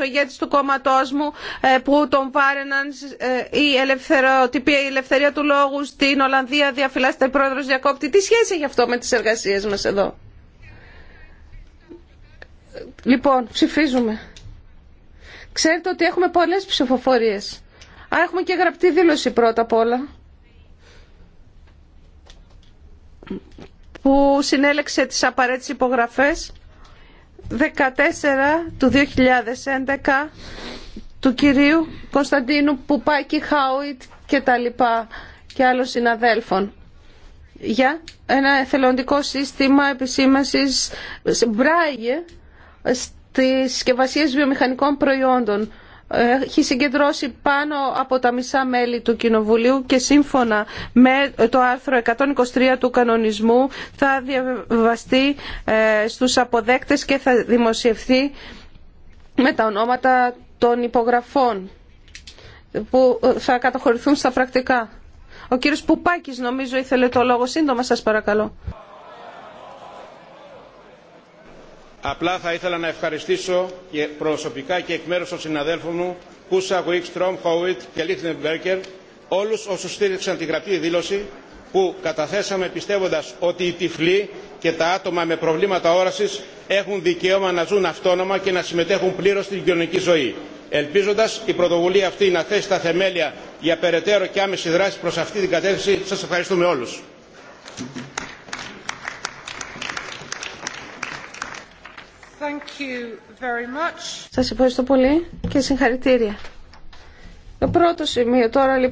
ο ηγέτης του κόμματός μου ε, που τον βάρεναν ε, η ελευθεροτυπία, η ελευθερία του λόγου στην Ολλανδία διαφυλάσσεται πρόεδρος διακόπτη. Τι σχέση έχει αυτό με τις εργασίες μας εδώ. Λοιπόν, ψηφίζουμε. Ξέρετε ότι έχουμε πολλές ψηφοφορίες. Α, έχουμε και γραπτή δήλωση πρώτα απ' όλα. Που συνέλεξε τις απαραίτητες υπογραφές. 14 του 2011 του κυρίου Κωνσταντίνου Πουπάκη Χάουιτ και τα λοιπά και άλλων συναδέλφων για ένα εθελοντικό σύστημα επισήμασης Μπράγε στις συσκευασίε βιομηχανικών προϊόντων έχει συγκεντρώσει πάνω από τα μισά μέλη του Κοινοβουλίου και σύμφωνα με το άρθρο 123 του κανονισμού θα διαβαστεί ε, στους αποδέκτες και θα δημοσιευθεί με τα ονόματα των υπογραφών που θα καταχωρηθούν στα πρακτικά. Ο κύριος Πουπάκης νομίζω ήθελε το λόγο σύντομα σας παρακαλώ. Απλά θα ήθελα να ευχαριστήσω και προσωπικά και εκ μέρους των συναδέλφων μου Κούσα, Γουίκστρομ, Χόουιτ και Μπέρκερ όλους όσους στήριξαν τη γραπτή δήλωση που καταθέσαμε πιστεύοντας ότι οι τυφλοί και τα άτομα με προβλήματα όρασης έχουν δικαίωμα να ζουν αυτόνομα και να συμμετέχουν πλήρως στην κοινωνική ζωή. Ελπίζοντας η πρωτοβουλία αυτή να θέσει τα θεμέλια για περαιτέρω και άμεση δράση προς αυτή την κατεύθυνση, σας ευχαριστούμε όλους. Thank you very much. Σας ευχαριστώ πολύ και συγχαρητήρια. Το πρώτο σημείο τώρα λοιπόν.